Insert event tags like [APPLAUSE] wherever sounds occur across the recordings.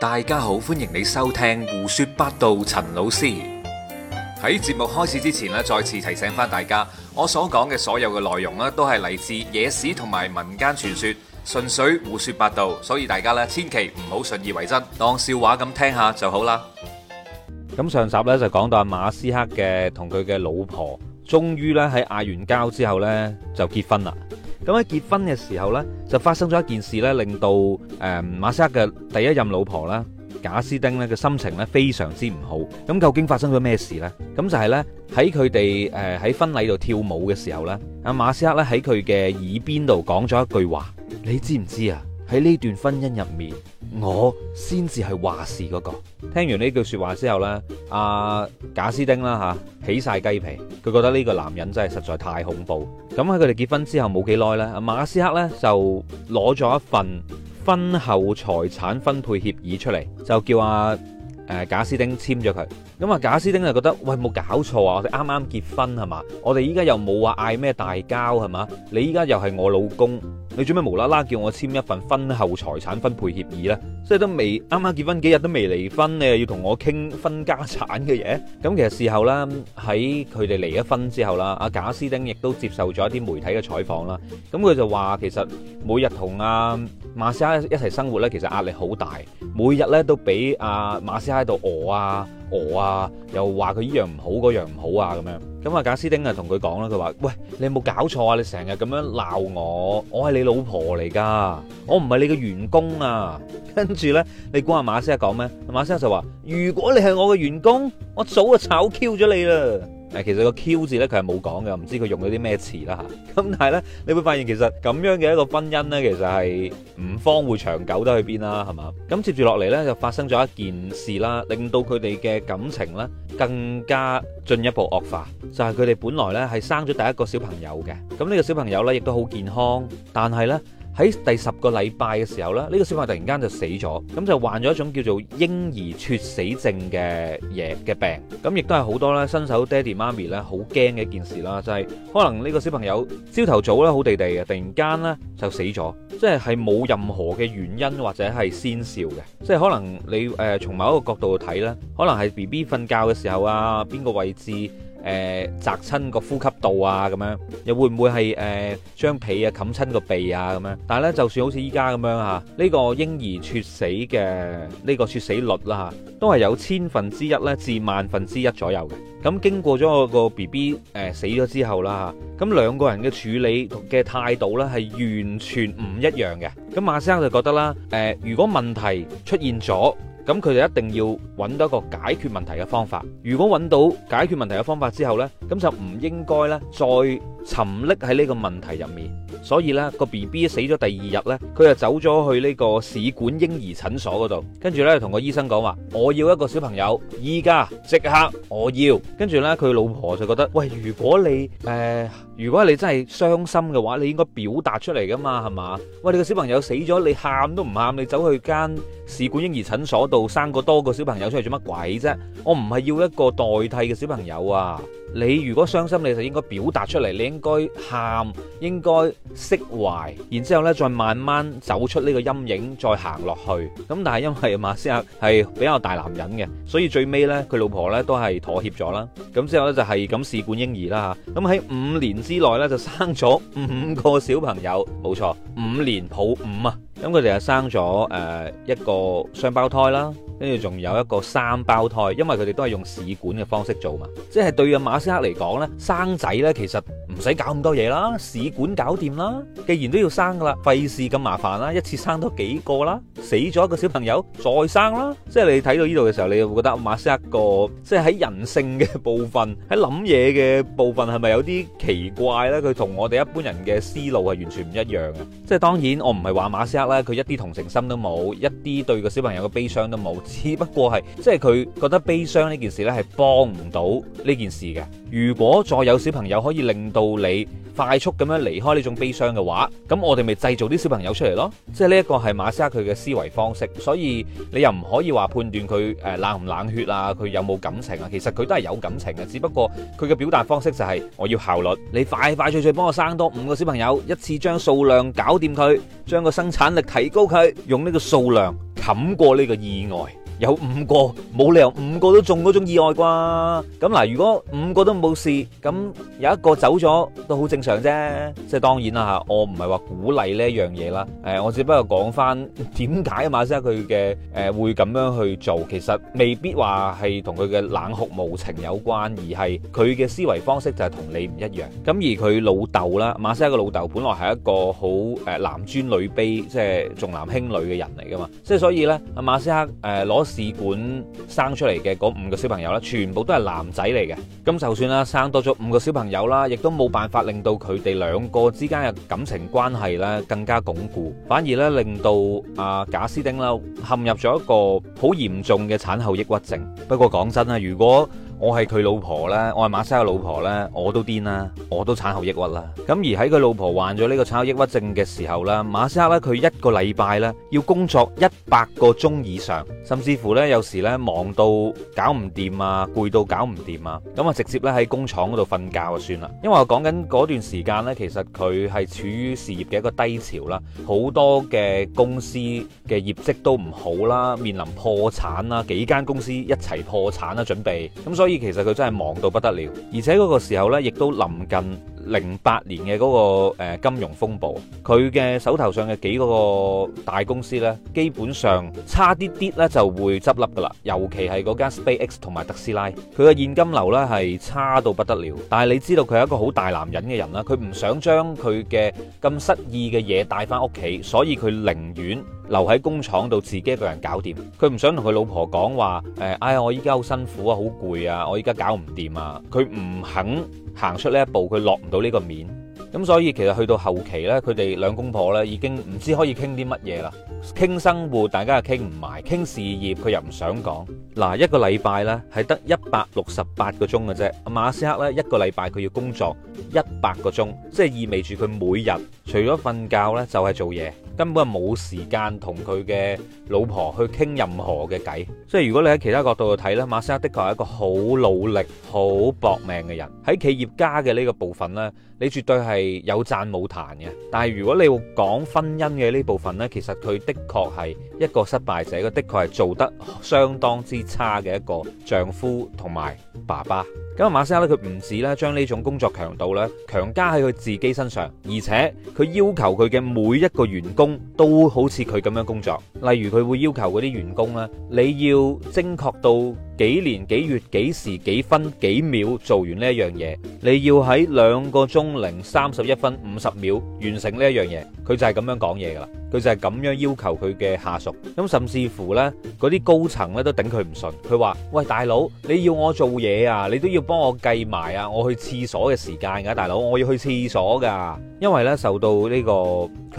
大家好，歡迎你收聽胡說八道。陳老師喺節目開始之前咧，再次提醒翻大家，我所講嘅所有嘅內容咧，都係嚟自野史同埋民間傳說，純粹胡說八道，所以大家咧千祈唔好信以為真，當笑話咁聽下就好啦。咁上集呢，就講到阿馬斯克嘅同佢嘅老婆，終於咧喺嗌完交之後呢，就結婚啦。咁喺結婚嘅時候呢，就發生咗一件事呢，令到誒、呃、馬斯克嘅第一任老婆啦，賈斯丁呢嘅心情呢，非常之唔好。咁究竟發生咗咩事呢？咁就係、是、呢，喺佢哋誒喺婚禮度跳舞嘅時候呢，阿馬斯克咧喺佢嘅耳邊度講咗一句話，你知唔知啊？喺呢段婚姻入面，我先至係話事嗰個。聽完呢句說話之後呢，阿賈斯丁啦，吓起晒雞皮，佢覺得呢個男人真係實在太恐怖。咁喺佢哋結婚之後冇幾耐咧，馬斯克呢就攞咗一份婚後財產分配協議出嚟，就叫阿。誒，賈斯丁簽咗佢，咁啊，賈斯丁就覺得，喂，冇搞錯啊！我哋啱啱結婚係嘛，我哋依家又冇話嗌咩大交係嘛，你依家又係我老公，你做咩無啦啦叫我簽一份婚後財產分配協議呢？即係都未啱啱結婚幾日都未離婚，你又要同我傾分家產嘅嘢？咁其實事後啦，喺佢哋離咗婚之後啦，阿賈斯丁亦都接受咗一啲媒體嘅採訪啦，咁佢就話其實每日同阿馬斯克一齊生活咧，其實壓力好大，每日咧都俾阿馬斯克喺度餓啊餓啊，又話佢依樣唔好，嗰樣唔好啊咁樣。咁阿賈斯丁啊同佢講啦，佢話，喂，你有冇搞錯啊？你成日咁樣鬧我，我係你老婆嚟噶，我唔係你嘅員工啊。跟住咧，你估下馬斯克講咩？馬斯克就話，如果你係我嘅員工，我早就炒 Q 咗你啦。誒其實個 Q 字咧，佢係冇講嘅，唔知佢用咗啲咩詞啦嚇。咁 [LAUGHS] 但係呢，你會發現其實咁樣嘅一個婚姻呢，其實係唔方會長久得去邊啦，係嘛？咁、 [LAUGHS] 嗯、接住落嚟呢，就發生咗一件事啦，令到佢哋嘅感情呢更加進一步惡化，就係佢哋本來呢係生咗第一個小朋友嘅，咁呢個小朋友呢，亦都好健康，但係呢。喺第十個禮拜嘅時候咧，呢、這個小朋友突然間就死咗，咁就患咗一種叫做嬰兒猝死症嘅嘢嘅病，咁亦都係好多咧新手爹哋媽咪咧好驚嘅一件事啦，就係、是、可能呢個小朋友朝頭早咧好地地嘅，突然間咧就死咗，即係係冇任何嘅原因或者係先兆嘅，即係可能你誒從、呃、某一個角度睇咧，可能係 B B 瞓覺嘅時候啊，邊個位置？誒，砸親個呼吸道啊，咁樣又會唔會係誒將、呃、被啊冚親個鼻啊，咁樣？但係咧，就算好似依家咁樣吓，呢、這個嬰兒猝死嘅呢、這個猝死率啦、啊、吓，都係有千分之一咧至萬分之一左右嘅。咁經過咗我個 B B 誒死咗之後啦，咁兩個人嘅處理嘅態度咧係完全唔一樣嘅。咁馬斯克就覺得啦，誒、呃，如果問題出現咗。咁佢就一定要揾到一個解決問題嘅方法。如果揾到解決問題嘅方法之後呢，咁就唔應該呢再沉溺喺呢個問題入面。所以呢個 B B 死咗第二日呢，佢就走咗去呢個試管嬰兒診所嗰度，跟住呢，同個醫生講話：我要一個小朋友，依家，即刻我要。跟住呢，佢老婆就覺得：喂，如果你誒、呃，如果你真係傷心嘅話，你應該表達出嚟噶嘛，係嘛？喂，你個小朋友死咗，你喊都唔喊，你走去間試管嬰兒診所度生個多個小朋友出嚟做乜鬼啫？我唔係要一個代替嘅小朋友啊！你如果傷心，你就應該表達出嚟，你應該喊，應該釋懷，然之後咧再慢慢走出呢個陰影，再行落去。咁但係因為馬斯克係比較大男人嘅，所以最尾咧佢老婆咧都係妥協咗啦。咁之後咧就係咁試管嬰兒啦。咁喺五年之內咧就生咗五個小朋友，冇錯，五年抱五啊！咁佢哋就生咗誒一個雙胞胎啦，跟住仲有一個三胞胎，因為佢哋都係用試管嘅方式做嘛，即係對阿馬。即刻嚟講咧，生仔咧，其實～唔使搞咁多嘢啦，試管搞掂啦。既然都要生噶啦，費事咁麻煩啦，一次生多幾個啦。死咗一個小朋友，再生啦。即係你睇到呢度嘅時候，你就會覺得馬斯克個即係喺人性嘅部分，喺諗嘢嘅部分，係咪有啲奇怪咧？佢同我哋一般人嘅思路係完全唔一樣嘅。即係當然，我唔係話馬斯克咧，佢一啲同情心都冇，一啲對個小朋友嘅悲傷都冇。只不過係，即係佢覺得悲傷呢件事咧，係幫唔到呢件事嘅。如果再有小朋友可以令到你快速咁樣離開呢種悲傷嘅話，咁我哋咪製造啲小朋友出嚟咯。即係呢一個係馬斯克佢嘅思維方式，所以你又唔可以話判斷佢誒冷唔冷血啊，佢有冇感情啊？其實佢都係有感情嘅，只不過佢嘅表達方式就係我要效率，你快快脆脆幫我生多五個小朋友，一次將數量搞掂佢，將個生產力提高佢，用呢個數量冚過呢個意外。有五個，冇理由五個都中嗰種意外啩？咁嗱，如果五個都冇事，咁有一個走咗都好正常啫。即係當然啦嚇，我唔係話鼓勵呢一樣嘢啦。誒，我只不過講翻點解馬斯克佢嘅誒會咁樣去做，其實未必話係同佢嘅冷酷無情有關，而係佢嘅思維方式就係同你唔一樣。咁而佢老豆啦，馬斯克嘅老豆本來係一個好誒男尊女卑，即係重男輕女嘅人嚟噶嘛。即係所以咧，阿馬斯克誒攞。試管生出嚟嘅嗰五個小朋友啦，全部都係男仔嚟嘅。咁就算啦，生多咗五個小朋友啦，亦都冇辦法令到佢哋兩個之間嘅感情關係咧更加鞏固，反而咧令到阿賈斯丁啦陷入咗一個好嚴重嘅產後抑鬱症。不過講真呀，如果我係佢老婆咧，我係馬斯克老婆咧，我都癲啦，我都產後抑鬱啦。咁而喺佢老婆患咗呢個產後抑鬱症嘅時候啦，馬斯克咧佢一個禮拜咧要工作一百個鐘以上，甚至乎咧有時咧忙到搞唔掂啊，攰到搞唔掂啊，咁啊直接咧喺工廠嗰度瞓覺就算啦。因為我講緊嗰段時間咧，其實佢係處於事業嘅一個低潮啦，好多嘅公司嘅業績都唔好啦，面臨破產啦，幾間公司一齊破產啦，準備咁所以。所以其實佢真係忙到不得了，而且嗰個時候呢，亦都臨近零八年嘅嗰個誒金融風暴，佢嘅手頭上嘅幾個大公司呢，基本上差啲啲呢就會執笠噶啦。尤其係嗰間 SpaceX 同埋特斯拉，佢嘅現金流呢係差到不得了。但係你知道佢係一個好大男人嘅人啦，佢唔想將佢嘅咁失意嘅嘢帶翻屋企，所以佢寧願留喺工廠度自己一個人搞掂。佢唔想同佢老婆講話，誒、呃，哎呀，我依家好辛苦啊，好攰啊，我依家搞唔掂啊，佢唔肯。行出呢一步，佢落唔到呢個面，咁所以其實去到後期呢，佢哋兩公婆呢已經唔知可以傾啲乜嘢啦，傾生活大家又傾唔埋，傾事業佢又唔想講。嗱，一個禮拜呢係得一百六十八個鐘嘅啫，馬斯克呢，一個禮拜佢要工作一百個鐘，即係意味住佢每日除咗瞓覺呢，就係做嘢。根本係冇時間同佢嘅老婆去傾任何嘅偈，所以如果你喺其他角度去睇呢，馬斯克的確係一個好努力、好搏命嘅人。喺企業家嘅呢個部分呢，你絕對係有讚冇彈嘅。但係如果你要講婚姻嘅呢部分呢，其實佢的確係一個失敗者，佢的確係做得相當之差嘅一個丈夫同埋爸爸。咁啊，馬斯克咧，佢唔止咧將呢種工作強度咧強加喺佢自己身上，而且佢要求佢嘅每一個員工都好似佢咁樣工作。例如，佢會要求嗰啲員工咧，你要精確到幾年幾月幾時幾分幾秒做完呢一樣嘢？你要喺兩個鐘零三十一分五十秒完成呢一樣嘢，佢就係咁樣講嘢噶啦。佢就係咁樣要求佢嘅下屬。咁甚至乎呢，嗰啲高層咧都頂佢唔順。佢話：喂，大佬，你要我做嘢啊，你都要幫我計埋啊，我去廁所嘅時間噶。啊，大佬，我要去廁所噶。因為咧受到呢個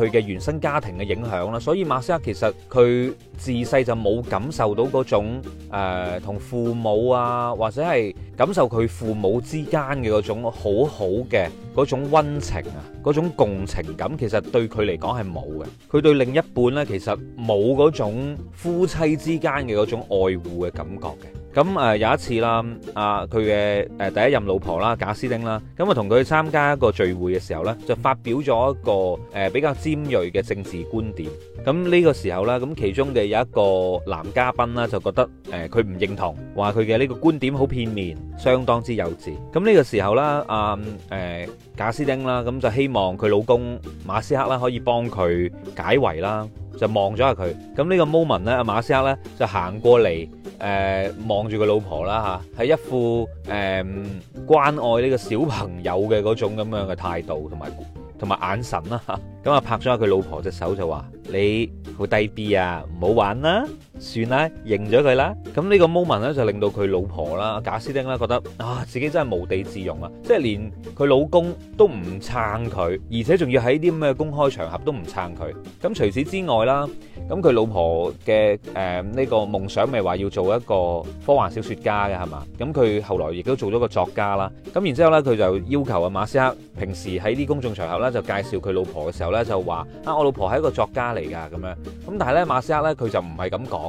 佢嘅原生家庭嘅影響啦，所以馬斯克其實佢自細就冇感受到嗰種誒同。呃父母啊，或者係感受佢父母之間嘅嗰種好好嘅嗰種溫情啊，嗰種共情感，其實對佢嚟講係冇嘅。佢對另一半咧，其實冇嗰種夫妻之間嘅嗰種愛護嘅感覺嘅。咁誒有一次啦，阿佢嘅誒第一任老婆啦，賈斯丁啦，咁啊同佢去參加一個聚會嘅時候咧，就發表咗一個誒比較尖鋭嘅政治觀點。咁呢個時候啦，咁其中嘅有一個男嘉賓啦，就覺得誒佢唔認同，話佢嘅呢個觀點好片面，相當之幼稚。咁呢個時候啦，阿、啊、誒、欸、賈斯丁啦，咁就希望佢老公馬斯克啦可以幫佢解圍啦，就望咗下佢。咁呢個 moment 咧，阿馬斯克咧就行過嚟。誒，望住佢老婆啦吓，係一副誒關愛呢個小朋友嘅嗰種咁樣嘅態度同埋同埋眼神啦吓，咁啊拍咗下佢老婆隻手就話：你好低 B 啊，唔好玩啦！算啦，認咗佢啦。咁呢個 moment 咧就令到佢老婆啦，賈斯丁啦，覺得啊自己真係無地自容啊！即係連佢老公都唔撐佢，而且仲要喺啲咩公開場合都唔撐佢。咁除此之外啦，咁佢老婆嘅誒呢個夢想咪話要做一個科幻小説家嘅係嘛？咁佢後來亦都做咗個作家啦。咁然之後咧，佢就要求阿馬斯克平時喺啲公眾場合咧就介紹佢老婆嘅時候咧就話啊，我老婆係一個作家嚟㗎咁樣。咁但係咧馬斯克咧佢就唔係咁講。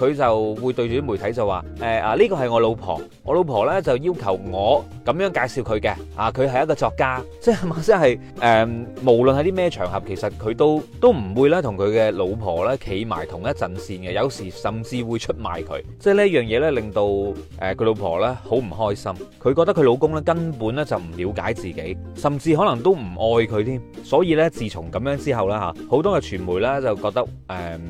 佢就會對住啲媒體就話：誒啊，呢個係我老婆，我老婆咧就要求我咁樣介紹佢嘅。啊，佢係一個作家，即係馬斯克係誒，無論係啲咩場合，其實佢都都唔會咧同佢嘅老婆咧企埋同一陣線嘅。有時甚至會出賣佢，即係呢一樣嘢咧令到誒佢老婆咧好唔開心。佢覺得佢老公咧根本咧就唔瞭解自己，甚至可能都唔愛佢添。所以咧，自從咁樣之後啦嚇，好多嘅傳媒咧就覺得誒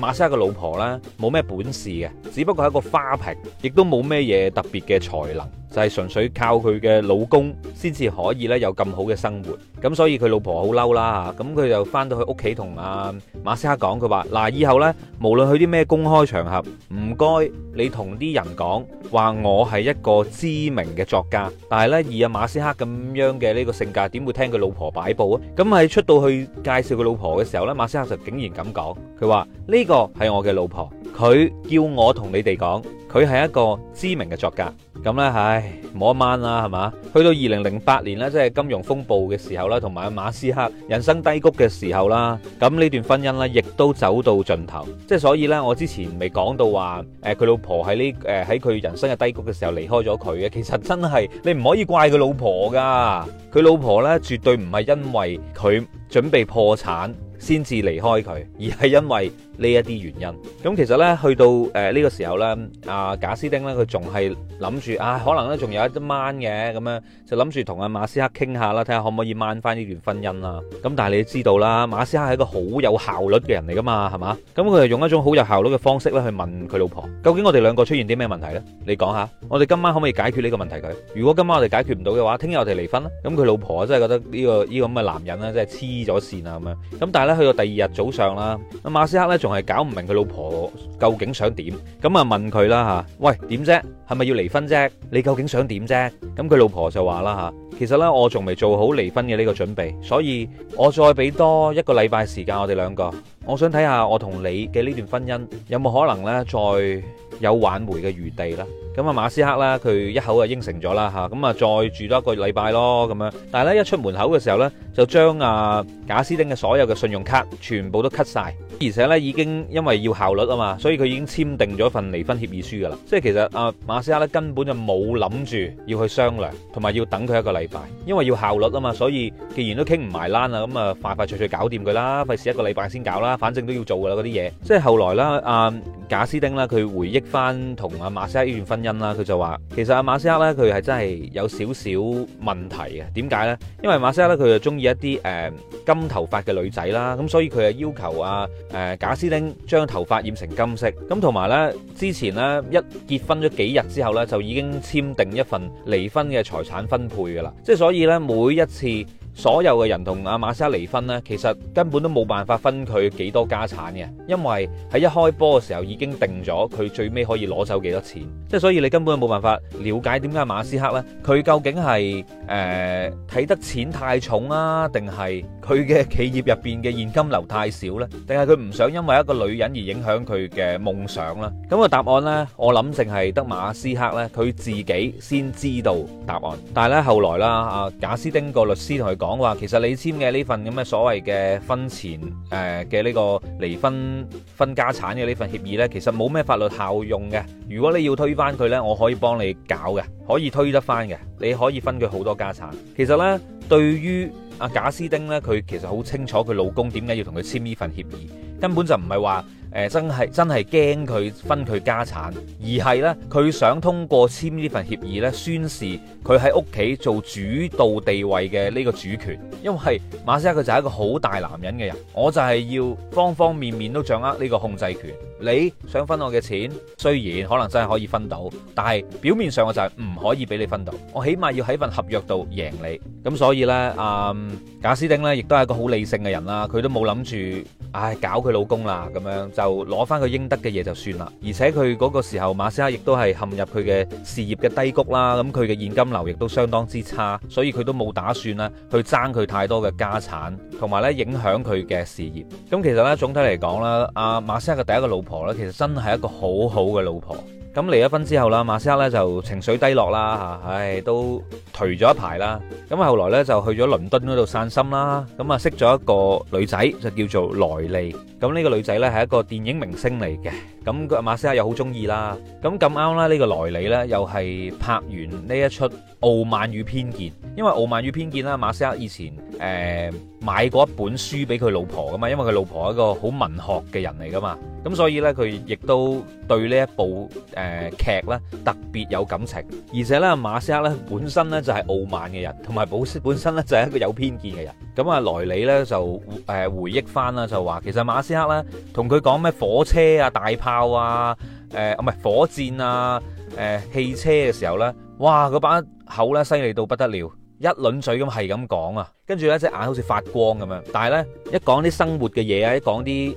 馬斯克嘅老婆咧冇咩本事。本事嘅，只不過係一個花瓶，亦都冇咩嘢特別嘅才能，就係純粹靠佢嘅老公先至可以咧有咁好嘅生活。咁所以佢老婆好嬲啦吓，咁佢就翻到去屋企同阿馬斯克講，佢話，嗱，以後呢，無論去啲咩公開場合，唔該你同啲人講話我係一個知名嘅作家。但係呢，以阿馬斯克咁樣嘅呢個性格，點會聽佢老婆擺布啊？咁喺出到去介紹佢老婆嘅時候呢，馬斯克就竟然咁講，佢話，呢個係我嘅老婆。佢叫我同你哋講，佢係一個知名嘅作家。咁呢，唉，冇一晚啦，係嘛？去到二零零八年呢，即係金融風暴嘅時候啦，同埋馬斯克人生低谷嘅時候啦，咁呢段婚姻呢，亦都走到盡頭。即係所以呢，我之前未講到話，誒、呃，佢老婆喺呢，誒喺佢人生嘅低谷嘅時候離開咗佢嘅。其實真係你唔可以怪佢老婆噶，佢老婆呢，絕對唔係因為佢準備破產。先至離開佢，而係因為呢一啲原因。咁其實呢，去到誒呢個時候、啊、呢，阿賈斯汀呢，佢仲係諗住啊，可能咧仲有一啲掹嘅咁樣，就諗住同阿馬斯克傾下啦，睇下可唔可以掹翻呢段婚姻啦、啊。咁但係你知道啦，馬斯克係一個好有效率嘅人嚟噶嘛，係嘛？咁佢就用一種好有效率嘅方式咧去問佢老婆，究竟我哋兩個出現啲咩問題呢？你講下，我哋今晚可唔可以解決呢個問題佢？如果今晚我哋解決唔到嘅話，聽日我哋離婚啦。咁佢老婆真係覺得呢、呢個呢、呢個咁嘅男人咧，真係黐咗線啊咁樣。咁但係咧去到第二日早上啦，阿馬斯克咧仲係搞唔明佢老婆究竟想點，咁啊問佢啦吓，喂點啫？係咪要離婚啫？你究竟想點啫？咁佢老婆就話啦吓，其實呢我仲未做好離婚嘅呢個準備，所以我再俾多一個禮拜時間我哋兩個，我想睇下我同你嘅呢段婚姻有冇可能呢再有挽回嘅餘地啦。咁啊，馬斯克啦，佢一口就應承咗啦吓，咁啊，再住多一個禮拜咯，咁樣。但係咧，一出門口嘅時候咧，就將啊賈斯汀嘅所有嘅信用卡全部都 cut 晒。而且咧，已經因為要效率啊嘛，所以佢已經簽訂咗份離婚協議書噶啦。即係其實啊，馬斯克咧根本就冇諗住要去商量，同埋要等佢一個禮拜，因為要效率啊嘛。所以既然都傾唔埋欄啦，咁啊，快快脆脆搞掂佢啦，費事一個禮拜先搞啦，反正都要做噶啦嗰啲嘢。即係後來咧，啊，賈斯汀咧，佢回憶翻同啊馬斯克呢段婚姻啦，佢就話其實啊馬斯克咧，佢係真係有少少問題嘅。點解呢？因為馬斯克咧，佢就中意一啲誒、呃、金頭髮嘅女仔啦，咁所以佢就要求啊。誒賈、呃、斯汀將頭髮染成金色，咁同埋咧，之前咧一結婚咗幾日之後咧，就已經簽訂一份離婚嘅財產分配嘅啦，即係所以咧，每一次。所有嘅人同阿馬斯克離婚咧，其實根本都冇辦法分佢幾多家產嘅，因為喺一開波嘅時候已經定咗佢最尾可以攞走幾多錢，即係所以你根本冇辦法瞭解點解馬斯克咧，佢究竟係誒睇得錢太重啊，定係佢嘅企業入邊嘅現金流太少咧，定係佢唔想因為一個女人而影響佢嘅夢想咧？咁個答案咧，我諗淨係得馬斯克咧，佢自己先知道答案。但係咧，後來啦，阿賈斯丁個律師同佢講。講話其實你簽嘅呢份咁嘅所謂嘅婚前誒嘅呢個離婚分家產嘅呢份協議呢，其實冇咩法律效用嘅。如果你要推翻佢呢，我可以幫你搞嘅，可以推得翻嘅。你可以分佢好多家產。其實呢，對於阿賈斯丁呢，佢其實好清楚佢老公點解要同佢簽呢份協議，根本就唔係話，誒，真係真係驚佢分佢家產，而係呢，佢想通過簽呢份協議呢，宣示佢喺屋企做主導地位嘅呢個主權。因為馬斯克佢就係一個好大男人嘅人，我就係要方方面面都掌握呢個控制權。你想分我嘅錢，雖然可能真係可以分到，但係表面上我就係唔可以俾你分到。我起碼要喺份合約度贏你。咁所以呢，阿、嗯、賈斯汀呢，亦都係一個好理性嘅人啦，佢都冇諗住，唉、哎，搞佢老公啦咁樣。就攞翻佢應得嘅嘢就算啦，而且佢嗰個時候馬斯克亦都係陷入佢嘅事業嘅低谷啦，咁佢嘅現金流亦都相當之差，所以佢都冇打算咧去爭佢太多嘅家產，同埋咧影響佢嘅事業。咁其實呢，總體嚟講啦，阿馬斯克嘅第一個老婆呢，其實真係一個好好嘅老婆。咁離咗婚之後啦，馬斯克咧就情緒低落啦嚇，唉都攰咗一排啦。咁後來咧就去咗倫敦嗰度散心啦。咁啊識咗一個女仔，就叫做萊莉。咁、這、呢個女仔咧係一個電影明星嚟嘅。咁佢馬斯克又好中意啦，咁咁啱啦，呢個萊里咧又係拍完呢一齣《傲慢與偏見》，因為傲慢與偏見啦，馬斯克以前誒、呃、買過一本書俾佢老婆噶嘛，因為佢老婆係一個好文學嘅人嚟噶嘛。咁所以咧佢亦都對呢一部誒劇咧特別有感情，而且咧馬斯克咧本身咧就係傲慢嘅人，同埋本身本身咧就係一個有偏見嘅人。咁啊萊里咧就誒回憶翻啦，就話其實馬斯克咧同佢講咩火車啊大炮、炮啊！誒，唔係火箭啊！誒、呃啊呃，汽車嘅時候咧，哇，嗰把口咧犀利到不得了，一輪嘴咁係咁講啊！跟住呢隻眼好似發光咁樣，但係呢一講啲生活嘅嘢啊，一講啲誒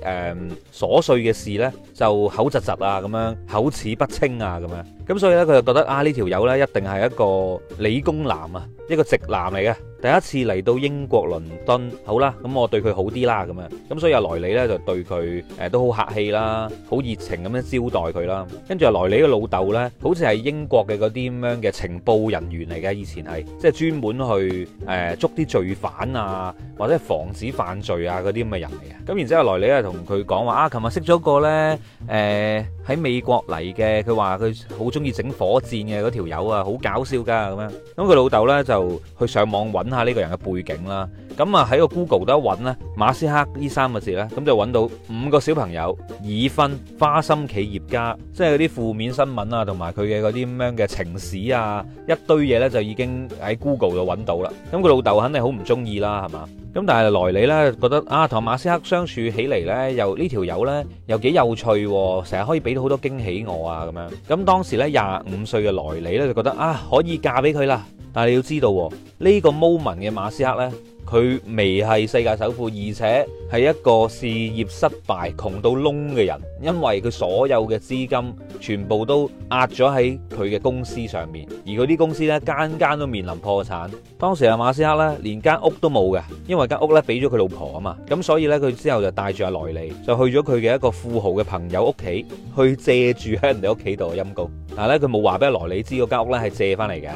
瑣碎嘅事呢，就口窒窒啊咁樣，口齒不清啊咁樣，咁所以呢，佢就覺得啊呢條友呢，這個、一定係一個理工男啊，一個直男嚟嘅。第一次嚟到英國倫敦，好，好啦，咁我對佢好啲啦咁啊，咁所以阿萊理呢就對佢誒、呃、都好客氣啦，好熱情咁樣招待佢啦。跟住阿萊理嘅老豆呢，好似係英國嘅嗰啲咁樣嘅情報人員嚟嘅，以前係即係專門去誒、呃、捉啲罪犯，反啊，或者防止犯罪啊啲咁嘅人嚟嘅。咁然之後萊裏啊同佢講話啊，琴日識咗個咧，誒、呃、喺美國嚟嘅，佢話佢好中意整火箭嘅條友啊，好搞笑噶咁樣，咁佢老豆咧就去上網揾下呢個人嘅背景啦。咁啊喺個 Google 度揾咧，馬斯克呢三個字咧，咁、啊、就揾到五個小朋友已婚花心企業家，即係啲負面新聞啊，同埋佢嘅啲咁樣嘅情史啊，一堆嘢咧就已經喺 Google 度揾到啦。咁佢老豆肯定好唔中意啦，係嘛？咁但係萊里呢，覺得啊，同馬斯克相處起嚟，這個呢，又呢條友呢，又幾有趣，啊，成日可以俾到好多驚喜我啊咁樣。咁、啊、當時呢，廿五歲嘅萊里呢，就覺得啊，可以嫁俾佢啦。但係你要知道呢，啊呢個 moment 嘅馬斯克呢。佢未係世界首富，而且係一個事業失敗、窮到窿嘅人，因為佢所有嘅資金全部都壓咗喺佢嘅公司上面，而佢啲公司咧間間都面臨破產。當時阿馬斯克咧連間屋都冇嘅，因為間屋咧俾咗佢老婆啊嘛，咁所以呢，佢之後就帶住阿萊利就去咗佢嘅一個富豪嘅朋友屋企去借住喺人哋屋企度嘅陰功，但係咧佢冇話俾阿萊利知嗰間屋咧係借翻嚟嘅。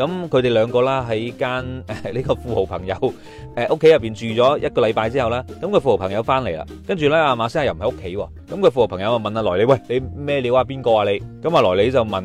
咁佢哋兩個啦，喺間呢個富豪朋友誒，屋企入邊住咗一個禮拜之後咧，咁個富豪朋友翻嚟啦，跟住咧阿馬斯亞又唔喺屋企喎。咁個富豪朋友啊問阿萊理，喂，你咩料啊？邊個啊？你咁阿萊理就問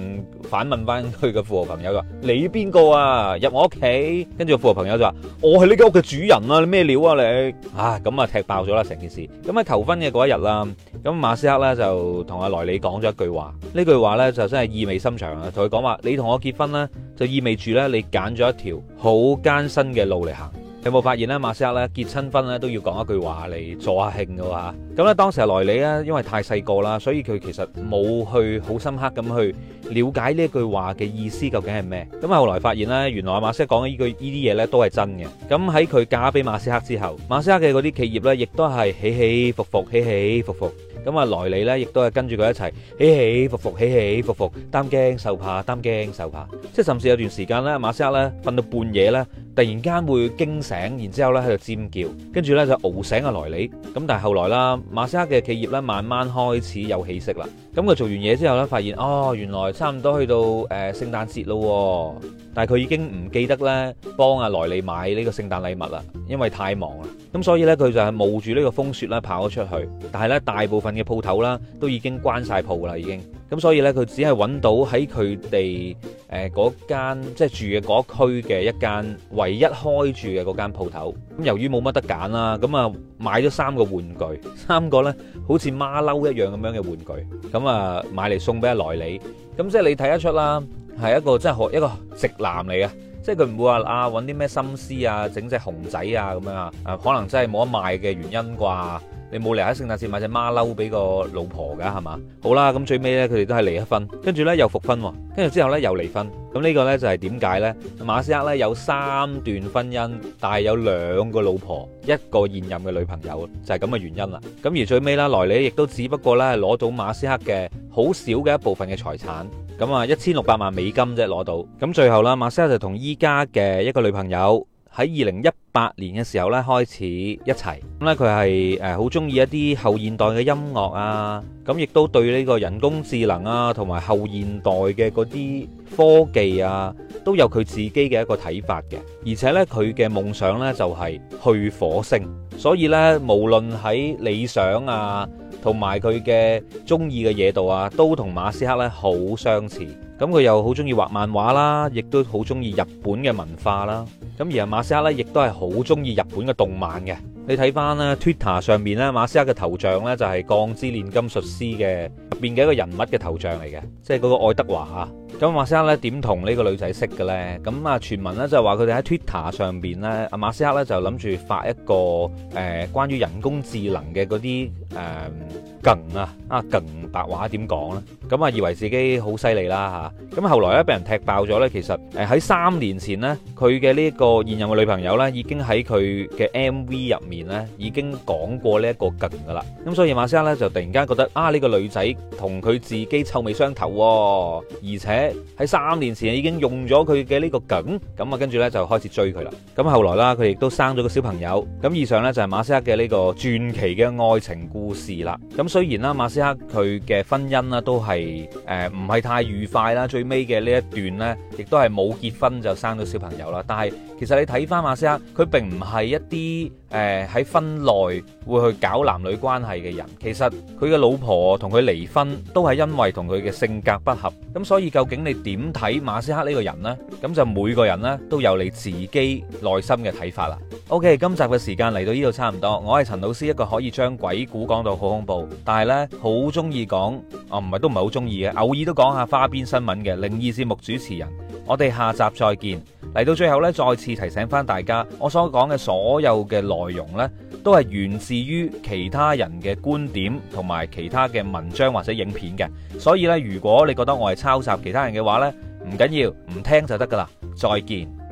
反問翻佢個富豪朋友話，你邊個啊入我屋企，跟住個富豪朋友就話，我係你間屋嘅主人啊，你咩料啊你啊，咁啊踢爆咗啦成件事。咁喺求婚嘅嗰一日啦，咁馬斯克咧就同阿萊理講咗一句話，呢句話咧就真係意味深長啊，同佢講話，你同我結婚咧就意味住咧你揀咗一條好艱辛嘅路嚟行。有冇發現咧？馬斯克咧結親婚咧都要講一句話嚟助下興噶吓。咁咧當時萊里咧因為太細個啦，所以佢其實冇去好深刻咁去了解呢一句話嘅意思究竟係咩。咁後來發現咧，原來馬斯克講嘅呢句呢啲嘢咧都係真嘅。咁喺佢嫁俾馬斯克之後，馬斯克嘅嗰啲企業咧亦都係起起伏伏，起起伏伏。咁啊萊里咧亦都係跟住佢一齊起起伏伏，起起伏伏，擔驚受怕，擔驚受怕。即係甚至有段時間咧，馬斯克咧瞓到半夜咧。突然間會驚醒，然之後咧喺度尖叫，跟住咧就熬醒阿萊里。咁但係後來啦，馬斯克嘅企業咧慢慢開始有氣息啦。咁佢做完嘢之後咧，發現，哦，原來差唔多去到誒聖誕節咯，但係佢已經唔記得咧幫阿萊里買呢個聖誕禮物啦，因為太忙啦。咁所以咧佢就係冒住呢個風雪咧跑咗出去，但係咧大部分嘅鋪頭啦都已經關晒鋪啦，已經。咁所以咧，佢只係揾到喺佢哋誒嗰間即係住嘅嗰區嘅一間唯一開住嘅嗰間鋪頭。咁由於冇乜得揀啦，咁啊買咗三個玩具，三個咧好似馬騮一樣咁樣嘅玩具。咁啊買嚟送俾阿內里。咁即係你睇得出啦，係一個真係學一個直男嚟嘅。即係佢唔會話啊揾啲咩心思啊，整隻熊仔啊咁樣啊。誒，可能真係冇得賣嘅原因啩。你冇理由喺聖誕節買隻馬騮俾個老婆噶係嘛？好啦，咁最尾呢，佢哋都係離咗婚，跟住呢又復婚，跟住之後呢又離婚。咁呢個呢，就係點解呢？馬斯克呢，有三段婚姻，但係有兩個老婆，一個現任嘅女朋友就係咁嘅原因啦。咁而最尾啦，萊理亦都只不過呢，係攞到馬斯克嘅好少嘅一部分嘅財產，咁啊一千六百萬美金啫攞到。咁最後啦，馬斯克就同依家嘅一個女朋友。喺二零一八年嘅時候呢，開始一齊。咁呢，佢係誒好中意一啲後現代嘅音樂啊，咁亦都對呢個人工智能啊，同埋後現代嘅嗰啲科技啊，都有佢自己嘅一個睇法嘅。而且呢，佢嘅夢想呢就係、是、去火星，所以呢，無論喺理想啊，同埋佢嘅中意嘅嘢度啊，都同馬斯克呢好相似。咁佢又好中意畫漫畫啦，亦都好中意日本嘅文化啦。咁而阿馬斯克咧，亦都係好中意日本嘅動漫嘅。你睇翻咧 Twitter 上面咧，馬斯克嘅頭像咧就係《鋼之煉金術師》嘅入邊嘅一個人物嘅頭像嚟嘅，即係嗰個愛德華啊。咁馬斯克咧點同呢個女仔識嘅咧？咁啊傳聞咧就話佢哋喺 Twitter 上邊咧，阿馬斯克咧就諗住發一個誒、呃、關於人工智能嘅嗰啲誒。呃梗啊！啊梗！白話點講呢？咁啊，以為自己好犀利啦吓，咁後來咧，俾人踢爆咗呢。其實誒喺三年前呢，佢嘅呢一個現任嘅女朋友呢，已經喺佢嘅 MV 入面呢，已經講過呢一個梗噶啦。咁所以馬斯克呢，就突然間覺得啊，呢、這個女仔同佢自己臭味相投喎、哦，而且喺三年前已經用咗佢嘅呢個梗，咁啊跟住呢，就開始追佢啦。咁後來啦，佢亦都生咗個小朋友。咁以上呢，就係馬斯克嘅呢個傳奇嘅愛情故事啦。咁雖然啦，馬斯克佢嘅婚姻啦都係誒唔係太愉快啦，最尾嘅呢一段呢亦都係冇結婚就生咗小朋友啦。但係其實你睇翻馬斯克，佢並唔係一啲誒喺婚內會去搞男女關係嘅人。其實佢嘅老婆同佢離婚都係因為同佢嘅性格不合。咁所以究竟你點睇馬斯克呢個人呢？咁就每個人呢都有你自己內心嘅睇法啦。OK，今集嘅時間嚟到呢度差唔多，我係陳老師，一個可以將鬼故講到好恐怖。但係咧，好中意講，哦、啊，唔係都唔係好中意嘅，偶爾都講下花邊新聞嘅。另一節目主持人，我哋下集再見。嚟到最後咧，再次提醒翻大家，我所講嘅所有嘅內容呢，都係源自於其他人嘅觀點同埋其他嘅文章或者影片嘅。所以咧，如果你覺得我係抄襲其他人嘅話呢，唔緊要，唔聽就得噶啦。再見。